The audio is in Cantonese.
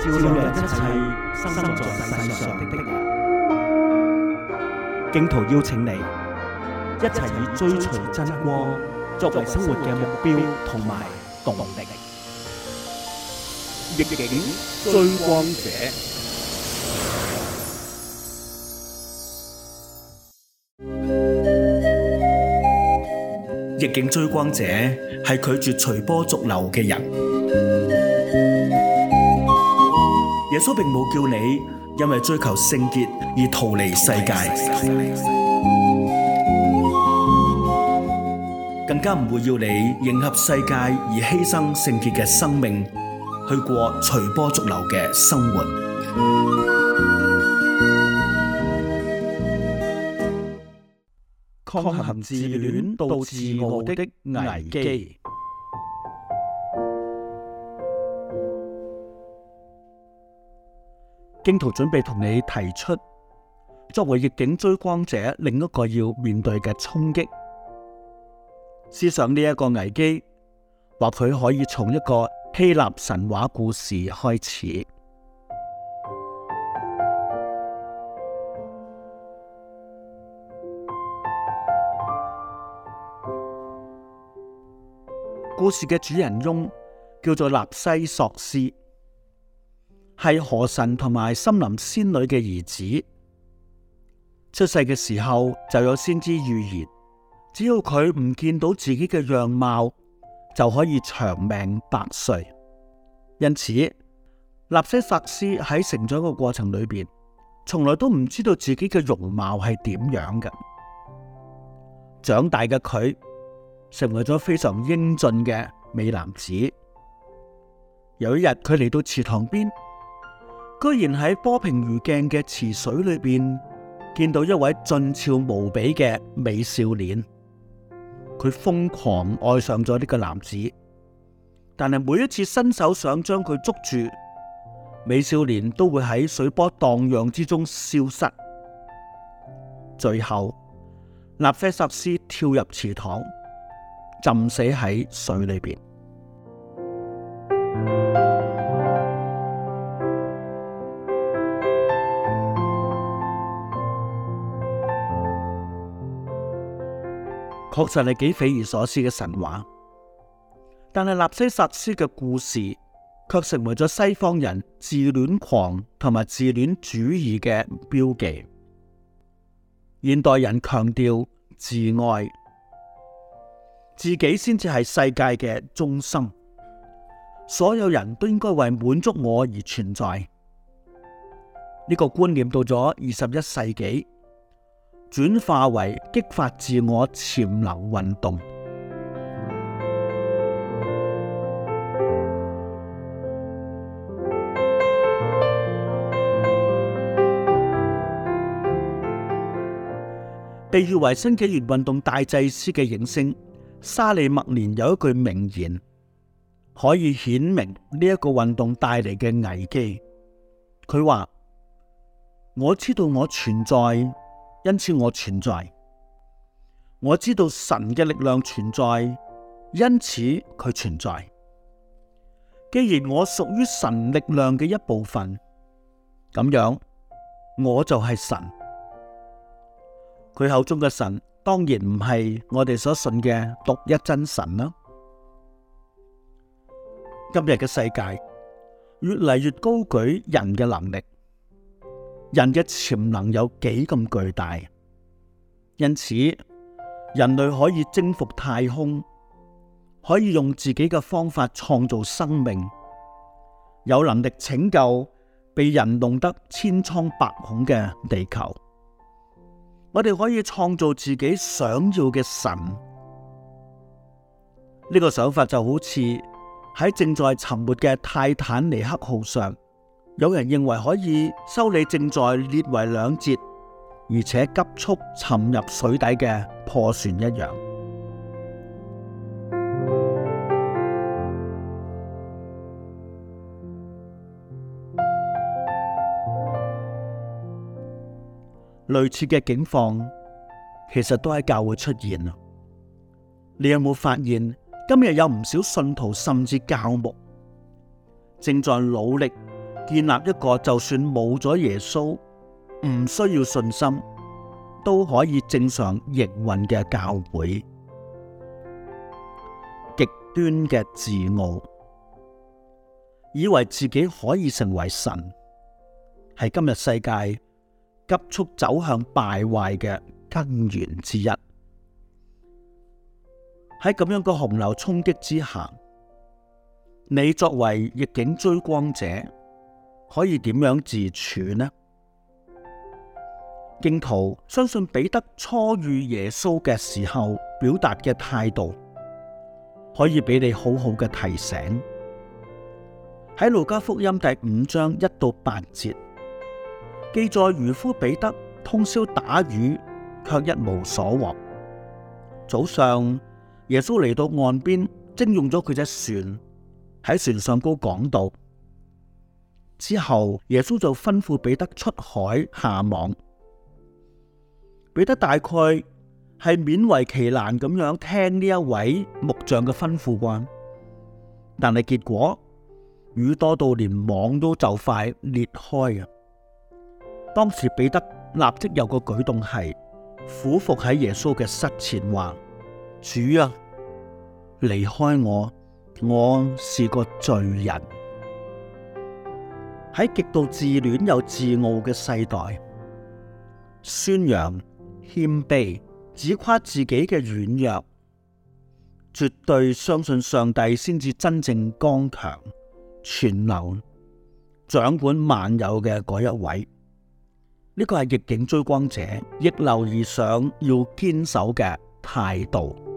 照亮一切生在世上的人，荊徒邀請你一齊以追隨真光作為生活嘅目標同埋動力。逆境追光者，逆境追光者係拒絕隨波逐流嘅人。耶穌並冇叫你因為追求聖潔而逃離世界，更加唔會要你迎合世界而犧牲聖潔嘅生命，去過隨波逐流嘅生活。抗衡自戀到自傲的危機。荊徒準備同你提出，作為逆境追光者，另一個要面對嘅衝擊。試想呢一個危機，或許可以從一個希臘神話故事開始。故事嘅主人翁叫做納西索斯。係河神同埋森林仙女嘅兒子，出世嘅時候就有先知預言，只要佢唔見到自己嘅樣貌就可以長命百歲。因此，納西薩斯喺成長嘅過程裏邊，從來都唔知道自己嘅容貌係點樣嘅。長大嘅佢成為咗非常英俊嘅美男子。有一日，佢嚟到池塘邊。居然喺波平如鏡嘅池水裏邊見到一位俊俏無比嘅美少年，佢瘋狂愛上咗呢個男子，但係每一次伸手想將佢捉住，美少年都會喺水波蕩漾之中消失。最後，納菲薩斯跳入池塘，浸死喺水裏邊。確實係幾匪夷所思嘅神話，但係納西薩斯嘅故事卻成為咗西方人自戀狂同埋自戀主義嘅標記。現代人強調自愛，自己先至係世界嘅中心，所有人都應該為滿足我而存在。呢、這個觀念到咗二十一世紀。轉化為激發自我潛能運動，被譽為新紀元運動大祭司嘅影星沙利默蓮有一句名言，可以顯明呢一個運動帶嚟嘅危機。佢話：我知道我存在，因此我存在，我知道神嘅力量存在，因此佢存在。既然我屬於神力量嘅一部分，咁樣我就係神。佢口中嘅神當然唔係我哋所信嘅獨一真神啦。今日嘅世界越嚟越高舉人嘅能力。人嘅潛能有幾咁巨大，因此人類可以征服太空，可以用自己嘅方法創造生命，有能力拯救被人弄得千瘡百孔嘅地球。我哋可以創造自己想要嘅神，呢個手法就好似喺正在沉沒嘅泰坦尼克號上。有人認為可以修理正在列為兩截，而且急速沉入水底嘅破船一樣。類似嘅境況，其實都喺教會出現啦。你有冇發現今日有唔少信徒甚至教牧正在努力，建立一個就算冇咗耶穌，唔需要信心，都可以正常營運嘅教會，極端嘅自傲，以為自己可以成為神，係今日世界急速走向敗壞嘅根源之一。喺咁樣嘅洪流衝擊之下，你作為逆境追光者，可以點樣自處呢？荊徒相信彼得初遇耶穌嘅時候，表達嘅態度，可以俾你好好嘅提醒。喺路加福音第五章一到八節記載，漁夫彼得通宵打魚，卻一無所獲。早上耶穌嚟到岸邊，徵用咗佢隻船，喺船上高講道。之後耶穌就吩咐彼得出海下網，彼得大概係勉為其難咁樣聽呢一位木匠嘅吩咐啩，但係結果魚多到連網都就快裂開啊！當時彼得立即有個舉動係俯伏喺耶穌嘅膝前話：主啊，離開我，我是個罪人。喺極度自戀又自傲嘅世代，宣揚謙卑，只誇自己嘅軟弱，絕對相信上帝先至真正剛強、全能掌管萬有嘅嗰一位。呢個係逆境追光者逆流而上要堅守嘅態度。